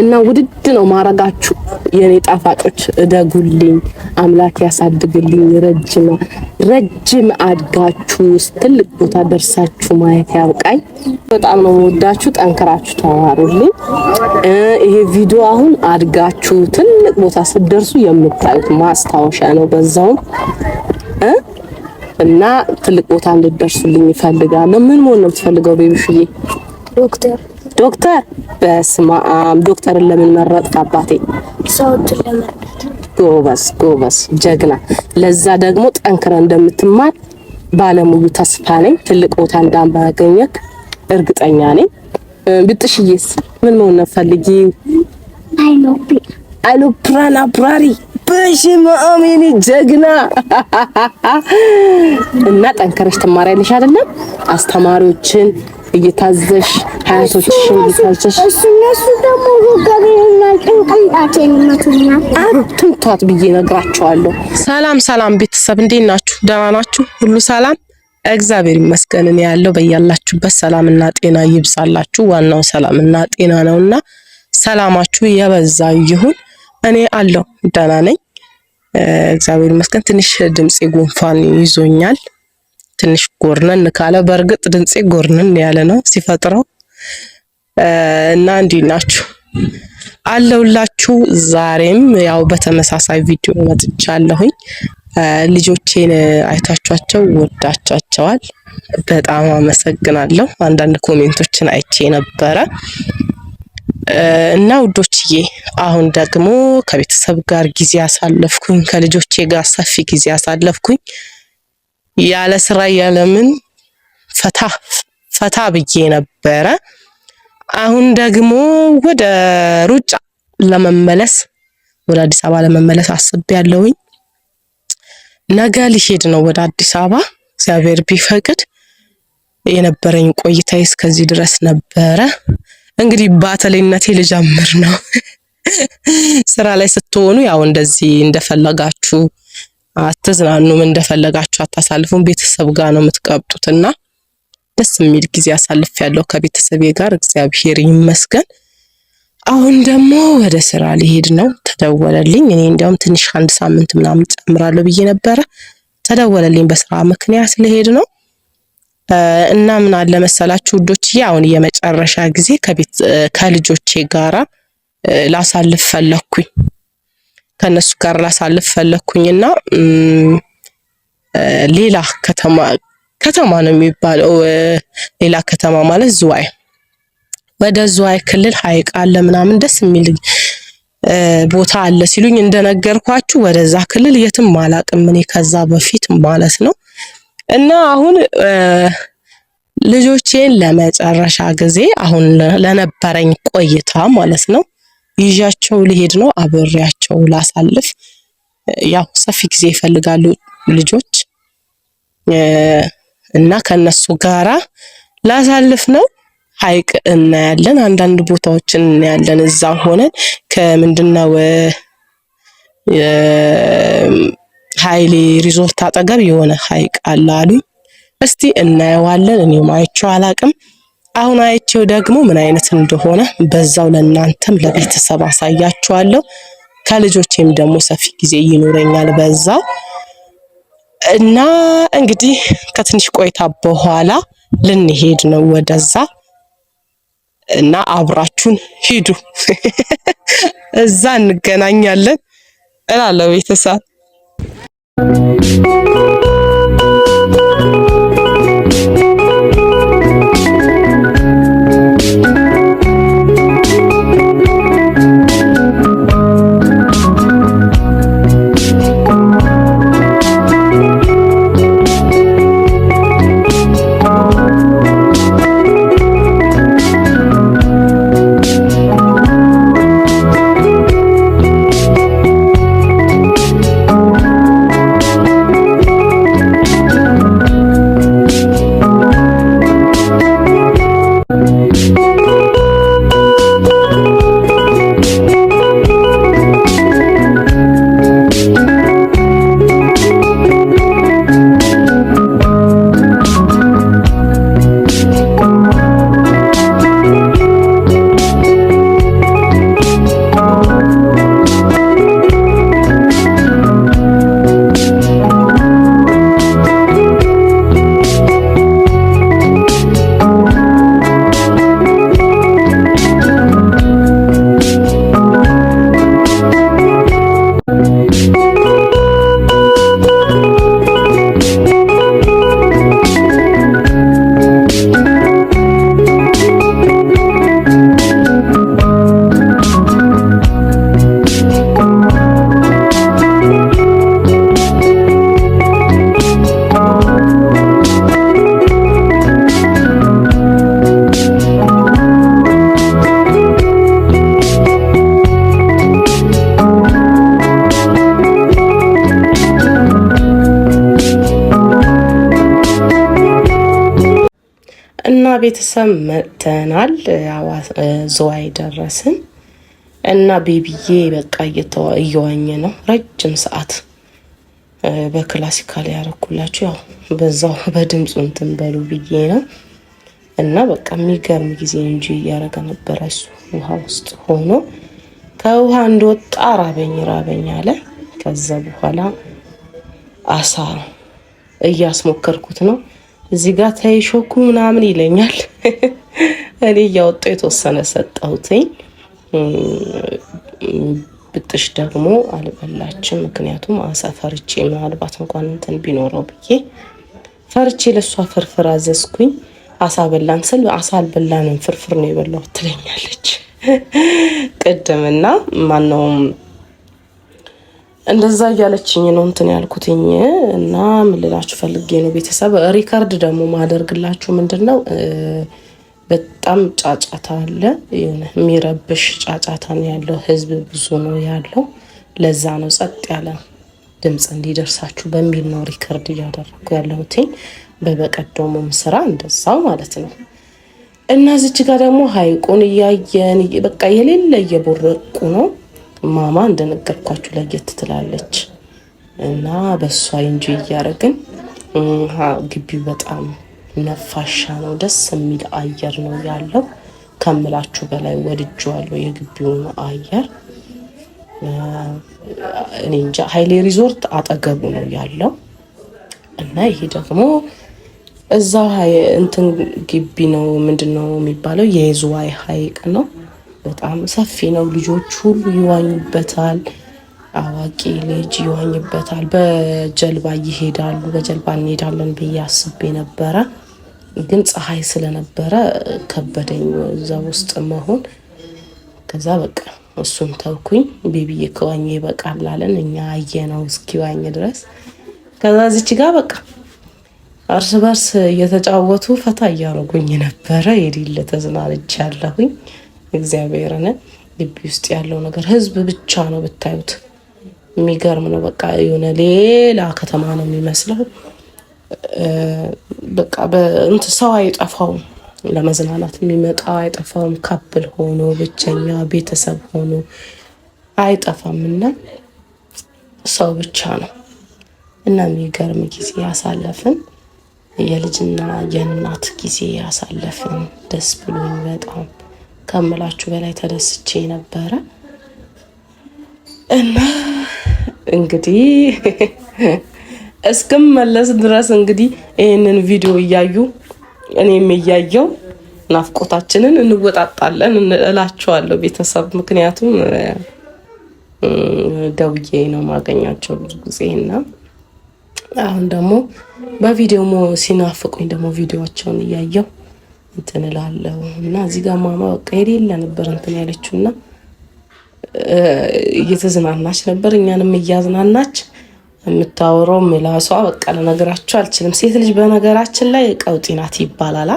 እና ውድድ ነው ማረጋችሁ የኔ ጣፋጮች፣ እደጉልኝ፣ አምላክ ያሳድግልኝ፣ ረጅም ረጅም አድጋችሁ ትልቅ ቦታ ደርሳችሁ ማየት ያብቃኝ። በጣም ነው የምወዳችሁ። ጠንክራችሁ ተማሩልኝ። ይሄ ቪዲዮ አሁን አድጋችሁ ትልቅ ቦታ ስትደርሱ የምታዩት ማስታወሻ ነው በዛውም እና ትልቅ ቦታ እንድደርሱልኝ ይፈልጋለሁ። ምን መሆን ነው የምትፈልገው ቤቢሽዬ? ዶክተር ዶክተር በስማም ዶክተርን ለምን መረጥክ? አባቴ ሰዎችን ለመርዳት። ጎበዝ ጎበዝ፣ ጀግና። ለዛ ደግሞ ጠንክረ እንደምትማር ባለሙሉ ተስፋ ነኝ። ትልቅ ቦታ እንዳማገኘክ እርግጠኛ ነኝ። ብጥሽዬስ ምን መሆን ነው ፈልጊ? አይሎፕራን አብራሪ። በሽማ አሜኒ ጀግና እና ጠንከረሽ ትማሪያለሽ አይደለም አስተማሪዎችን እየታዘሽ ሀያቶችሽን እየታዘሽ እነሱ ደግሞ ወገቤና ጭንቅላቴን ይመቱኛል። ብዬ ነግራቸዋለሁ። ሰላም ሰላም ቤተሰብ እንዴት ናችሁ? ደህና ናችሁ? ሁሉ ሰላም እግዚአብሔር ይመስገን። እኔ ያለው በያላችሁበት ሰላምና ጤና ይብዛላችሁ። ዋናው ሰላምና ጤና ነውና ሰላማችሁ የበዛ ይሁን። እኔ አለው ደህና ነኝ፣ እግዚአብሔር ይመስገን። ትንሽ ድምፄ ጉንፋን ይዞኛል ትንሽ ጎርነን ካለ በእርግጥ ድምፄ ጎርነን ያለ ነው ሲፈጥረው እና እንዲህ ናችሁ አለውላችሁ። ዛሬም ያው በተመሳሳይ ቪዲዮ መጥቻለሁኝ። ልጆቼን አይታችኋቸው ወዳቻቸዋል። በጣም አመሰግናለሁ። አንዳንድ ኮሜንቶችን አይቼ ነበረ እና ውዶችዬ አሁን ደግሞ ከቤተሰብ ጋር ጊዜ አሳለፍኩኝ። ከልጆቼ ጋር ሰፊ ጊዜ አሳለፍኩኝ። ያለ ስራ ያለምን ፈታ ፈታ ብዬ ነበረ። አሁን ደግሞ ወደ ሩጫ ለመመለስ ወደ አዲስ አበባ ለመመለስ አስቤያለሁኝ። ነገ ሊሄድ ነው ወደ አዲስ አበባ እግዚአብሔር ቢፈቅድ። የነበረኝ ቆይታ እስከዚህ ድረስ ነበረ። እንግዲህ በአተሌነቴ ልጀምር ነው። ስራ ላይ ስትሆኑ ያው እንደዚህ እንደፈለጋችሁ አትዝናኑም፣ እንደፈለጋችሁ አታሳልፉም። ቤተሰብ ጋር ነው የምትቀብጡት እና ደስ የሚል ጊዜ አሳልፍ ያለው ከቤተሰቤ ጋር እግዚአብሔር ይመስገን። አሁን ደግሞ ወደ ስራ ሊሄድ ነው። ተደወለልኝ። እኔ እንዲያውም ትንሽ አንድ ሳምንት ምናምን ጨምራለሁ ብዬ ነበረ። ተደወለልኝ በስራ ምክንያት ሊሄድ ነው እና ምን አለ መሰላችሁ ውዶችዬ፣ አሁን የመጨረሻ ጊዜ ከቤት ከልጆቼ ጋራ ላሳልፍ ፈለኩኝ። ከነሱ ጋር ላሳልፍ ፈለግኩኝና ሌላ ከተማ ከተማ ነው የሚባለው። ሌላ ከተማ ማለት ዝዋይ፣ ወደ ዝዋይ ክልል ሀይቅ አለ ምናምን ደስ የሚል ቦታ አለ ሲሉኝ እንደነገርኳችሁ ወደዛ ክልል የትም አላቅም እኔ ከዛ በፊት ማለት ነው። እና አሁን ልጆቼን ለመጨረሻ ጊዜ አሁን ለነበረኝ ቆይታ ማለት ነው ይዣቸው ሊሄድ ነው አብሬያቸው አብሬያቸው ላሳልፍ ያው ሰፊ ጊዜ ይፈልጋሉ ልጆች እና ከነሱ ጋራ ላሳልፍ ነው። ሐይቅ እናያለን፣ አንዳንድ ቦታዎችን እናያለን። እዛ ሆነን ከምንድነው ሀይሌ ሪዞርት አጠገብ የሆነ ሀይቅ አለ አሉ። እስቲ እናየዋለን። እኔም አይቼው አላቅም። አሁን አይቼው ደግሞ ምን አይነት እንደሆነ በዛው ለእናንተም ለቤተሰብ አሳያችኋለሁ። ከልጆቼም ደግሞ ሰፊ ጊዜ ይኖረኛል በዛ እና እንግዲህ ከትንሽ ቆይታ በኋላ ልንሄድ ነው ወደዛ እና አብራችሁን ሂዱ፣ እዛ እንገናኛለን እላለሁ ቤተሰብ። ቤተሰብ መጥተናል። ዝዋይ ደረስን እና ቤቢዬ በቃ እየዋኘ ነው ረጅም ሰዓት በክላሲካል ያረኩላችሁ ያው በዛው በድምፁ እንትን በሉ ብዬ ነው። እና በቃ የሚገርም ጊዜ እንጂ እያደረገ ነበረ እሱ ውሃ ውስጥ ሆኖ ከውሃ እንደወጣ ራበኝ ራበኝ አለ። ከዛ በኋላ አሳ እያስሞከርኩት ነው እዚህ ጋር ተይሾኩ ምናምን ይለኛል። እኔ እያወጣሁ የተወሰነ ሰጠሁትኝ። ብጥሽ ደግሞ አልበላችም። ምክንያቱም አሳ ፈርቼ ምናልባት እንኳን እንትን ቢኖረው ብዬ ፈርቼ ለእሷ ፍርፍር አዘዝኩኝ። አሳ በላን ስል አሳ አልበላንም ፍርፍር ነው የበላው ትለኛለች ቅድምና ማነውም እንደዛ እያለችኝ ነው እንትን ያልኩትኝ እና ምልላችሁ ፈልጌ ነው ቤተሰብ። ሪከርድ ደግሞ ማደርግላችሁ ምንድን ነው በጣም ጫጫታ አለ፣ የሚረብሽ ጫጫታ ነው ያለው። ህዝብ ብዙ ነው ያለው። ለዛ ነው ጸጥ ያለ ድምፅ እንዲደርሳችሁ በሚል ነው ሪከርድ እያደረግኩ ያለሁትኝ። በበቀደሙም ስራ እንደዛው ማለት ነው። እና ዝች ጋር ደግሞ ሀይቁን እያየን በቃ የሌለ እየቦረቁ ነው ማማ እንደነገርኳችሁ ለየት ትላለች እና በእሷ እንጂ እያደረግን ግቢው በጣም ነፋሻ ነው። ደስ የሚል አየር ነው ያለው ከምላችሁ በላይ ወድጄዋለሁ የግቢውን አየር። እኔ እንጃ ሀይሌ ሪዞርት አጠገቡ ነው ያለው እና ይሄ ደግሞ እዛው እንትን ግቢ ነው ምንድን ነው የሚባለው የዝዋይ ሀይቅ ነው። በጣም ሰፊ ነው። ልጆች ሁሉ ይዋኙበታል። አዋቂ ልጅ ይዋኝበታል። በጀልባ ይሄዳሉ። በጀልባ እንሄዳለን ብዬ አስቤ ነበረ፣ ግን ፀሐይ ስለነበረ ከበደኝ እዛ ውስጥ መሆን። ከዛ በቃ እሱን ተውኩኝ። ቤቢዬ ከዋኘ ይበቃል አለን እኛ አየ ነው እስኪዋኝ ድረስ። ከዛ እዚች ጋር በቃ እርስ በርስ እየተጫወቱ ፈታ እያረጉኝ ነበረ። የሌለ ተዝናንቻለሁኝ። እግዚአብሔርን ግቢ ውስጥ ያለው ነገር ህዝብ ብቻ ነው ብታዩት የሚገርም ነው። በቃ የሆነ ሌላ ከተማ ነው የሚመስለው። በቃ በእንት ሰው አይጠፋውም፣ ለመዝናናት የሚመጣ አይጠፋውም። ካፕል ሆኖ ብቸኛ ቤተሰብ ሆኖ አይጠፋም እና ሰው ብቻ ነው እና የሚገርም ጊዜ ያሳለፍን የልጅና የእናት ጊዜ ያሳለፍን ደስ ብሎ በጣም ከምላችሁ በላይ ተደስቼ ነበረ እና እንግዲህ እስክመለስ ድረስ እንግዲህ ይህንን ቪዲዮ እያዩ እኔም እያየው ናፍቆታችንን እንወጣጣለን እላችኋለሁ ቤተሰብ። ምክንያቱም ደውዬ ነው ማገኛቸው ብዙ ጊዜ እና አሁን ደግሞ በቪዲዮ ሲናፍቁኝ ደግሞ ቪዲዮቸውን እያየው እንትን እላለሁ እና እዚህ ጋር ማማ በቃ የሌለ ነበር እንትን ያለችው እና እየተዝናናች ነበር፣ እኛንም እያዝናናች የምታወራው ምላሷ በቃ ለነገራችሁ አልችልም። ሴት ልጅ በነገራችን ላይ ቀውጢ ናት ይባላል።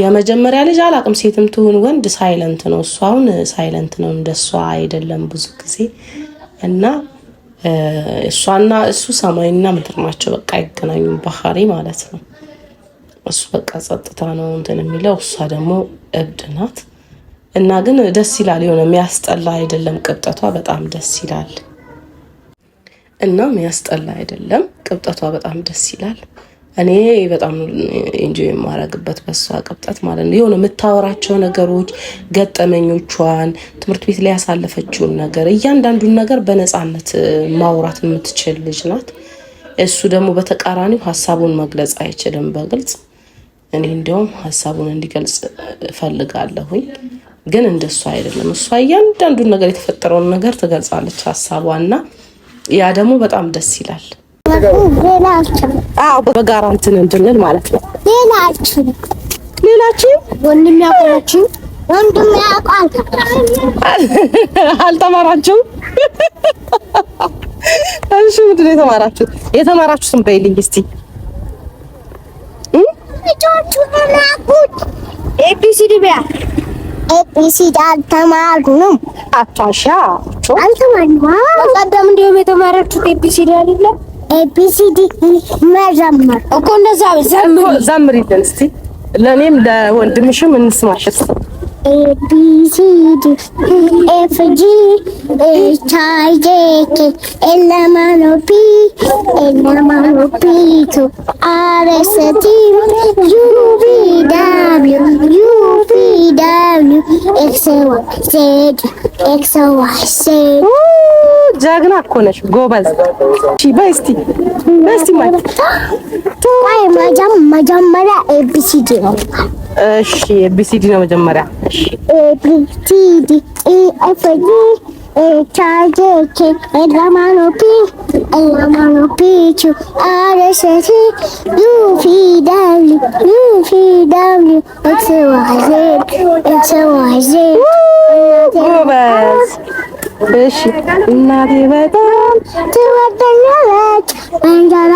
የመጀመሪያ ልጅ አላቅም፣ ሴትም ትሁን ወንድ ሳይለንት ነው። እሷ አሁን ሳይለንት ነው፣ እንደሷ አይደለም ብዙ ጊዜ እና እሷና እሱ ሰማይና ምድር ናቸው። በቃ አይገናኙም ባህሪ ማለት ነው። እሱ በቃ ጸጥታ ነው እንትን የሚለው እሷ ደግሞ እብድ ናት። እና ግን ደስ ይላል። የሆነ የሚያስጠላ አይደለም። ቅብጠቷ በጣም ደስ ይላል እና የሚያስጠላ አይደለም። ቅብጠቷ በጣም ደስ ይላል። እኔ በጣም ኢንጆይ የማረግበት በሷ ቅብጠት ማለት ነው። የሆነ የምታወራቸው ነገሮች፣ ገጠመኞቿን፣ ትምህርት ቤት ላይ ያሳለፈችውን ነገር፣ እያንዳንዱን ነገር በነፃነት ማውራት የምትችል ልጅ ናት። እሱ ደግሞ በተቃራኒው ሀሳቡን መግለጽ አይችልም በግልጽ እኔ እንዲያውም ሀሳቡን እንዲገልጽ እፈልጋለሁኝ። ግን እንደሱ አይደለም። እሷ እያንዳንዱን ነገር የተፈጠረውን ነገር ትገልጻለች ሀሳቧና፣ ያ ደግሞ በጣም ደስ ይላል። አዎ በጋራ እንትን እንድንል ማለት ነው። ሌላችን ሌላችን ወንድም ያቆራችሁ ወንድም ያቋል አልተማራችሁም? እሺ ምንድን ነው የተማራችሁት? የተማራችሁትን በይልኝ እስቲ ልጆቹ ተማርኩት። ኤቢሲዲ ቢያ ኤቢሲዲ አልተማርኩም። አታሻ አልተማርኩም። በቀደም እንዲሁም የተማረችሁት ኤቢሲዲ አይደለ? ኤቢሲዲ መዘመር እኮ እንደዛ ዘምሪልን እስቲ፣ ለእኔም ለወንድምሽም እንስማሽ። A B C D E F G H I J K L M N O P L M N O P Q R S T U V W U V W X Y Z X Y Z ጀግና እኮ ነሽ ጎበዝ። እሺ በይ እስቲ በይ እስቲ ማለት መጀመሪያ ኤቢሲዲ ነው እሺ ኤቢሲዲ ነው መጀመሪያ። እሺ ኤቢሲዲ ኤ ኤፍ ጂ ቻርጅ ኬ ኤላማኖ ፒ ኤላማኖ ፒ ጎበዝ። እሺ እናቴ በጣም ትወደኛለች እንጀራ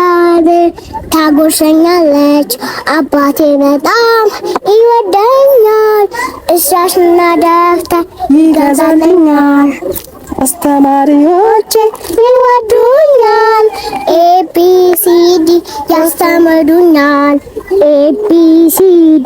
ታጎርሰኛለች። አባቴ በጣም ይወደኛል። እሻሽና ደብተር ይገዛልኛል። አስተማሪዎቼ ይወዱኛል። ኤቢሲዲ ያስተምሩኛል። ኤቢሲዲ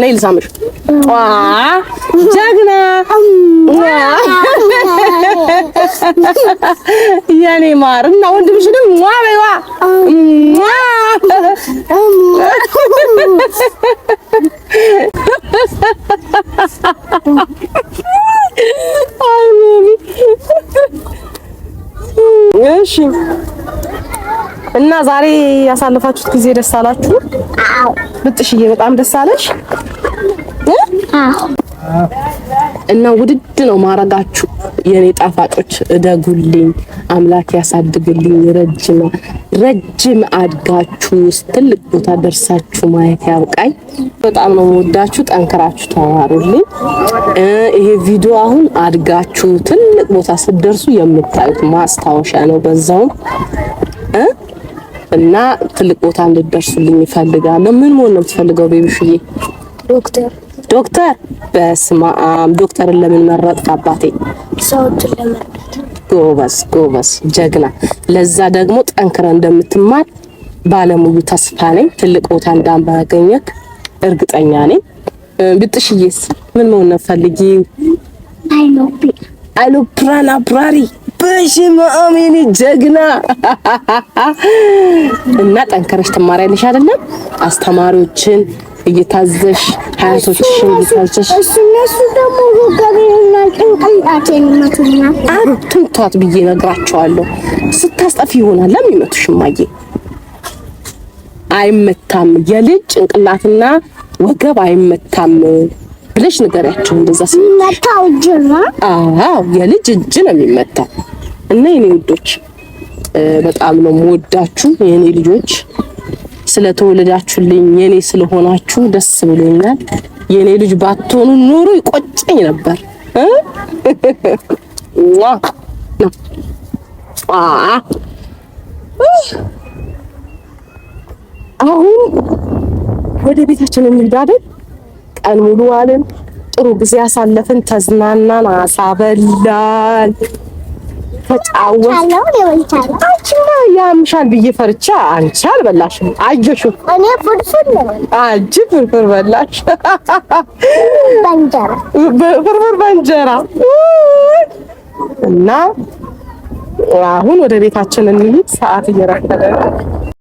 ነይ ልሳምሽ። ጀግና የኔ ማር እና ወንድምሽንም በይዋ እሺ እና ዛሬ ያሳለፋችሁት ጊዜ ደስ አላችሁ? አዎ። ብጥሽዬ በጣም ደስ አለሽ? እና ውድድ ነው ማረጋችሁ የኔ ጣፋጮች፣ እደጉልኝ፣ አምላክ ያሳድግልኝ፣ ረጅም ረጅም አድጋችሁ ትልቅ ቦታ ደርሳችሁ ማየት ያውቃኝ። በጣም ነው የምወዳችሁ። ጠንክራችሁ ተማሩልኝ። ይሄ ቪዲዮ አሁን አድጋችሁ ትልቅ ቦታ ስትደርሱ የምታዩት ማስታወሻ ነው። በዛውም እና ትልቅ ቦታ እንድትደርሱልኝ እፈልጋለሁ። ምን መሆን ነው የምትፈልገው ቤቢሽዬ? ዶክተር ዶክተር። በስመ አብ ዶክተርን ለምን መረጥክ አባቴ? ሰዎችን ለመርዳት። ጎበዝ ጎበዝ፣ ጀግና። ለዛ ደግሞ ጠንክረ እንደምትማር ባለሙሉ ተስፋ ነኝ። ትልቅ ቦታ እንዳማገኘክ እርግጠኛ ነኝ። ብጥሽዬስ ምን መሆን ነው ፈልጊ? አይሎፕራን አብራሪ አበሽ ማሚኒ ጀግና እና ጠንከረሽ ትማሪያለሽ አይደለም? አስተማሪዎችን እየታዘሽ ሀያቶችሽን እየታዘሽ እሱ እነሱ ደግሞ ወገቤና ጭንቅላቴን ይመቱኛል። አትምቷት ብዬ ነግራቸዋለሁ። ስታስጠፊ ይሆናል። ለምን ይመቱሽ? አይመታም። የልጅ ጭንቅላትና ወገብ አይመታም። ብለሽ ንገሪያቸው። እንደዛ ሲመታው እጅ አዎ የልጅ እጅ ነው የሚመታው። እና የኔ ውዶች በጣም ነው የምወዳችሁ የኔ ልጆች ስለተወለዳችሁልኝ የኔ ስለሆናችሁ ደስ ብሎኛል። የኔ ልጅ ባትሆኑ ኖሮ ይቆጨኝ ነበር። አሁን ወደ ቤታችን እንሄዳለን። ቀን ሙሉ አልን። ጥሩ ጊዜ አሳለፍን፣ ተዝናናን፣ አሳበላን፣ ተጫወትን። አንቺማ ያምሻል ብዬ ፈርቻ አንቺ አልበላሽም። አየሹ እኔ ፍርፍር አንቺ ፍርፍር በላሽ። ፍርፍር በእንጀራ እና አሁን ወደ ቤታችን እንሂድ፣ ሰዓት እየረፈደ ነው።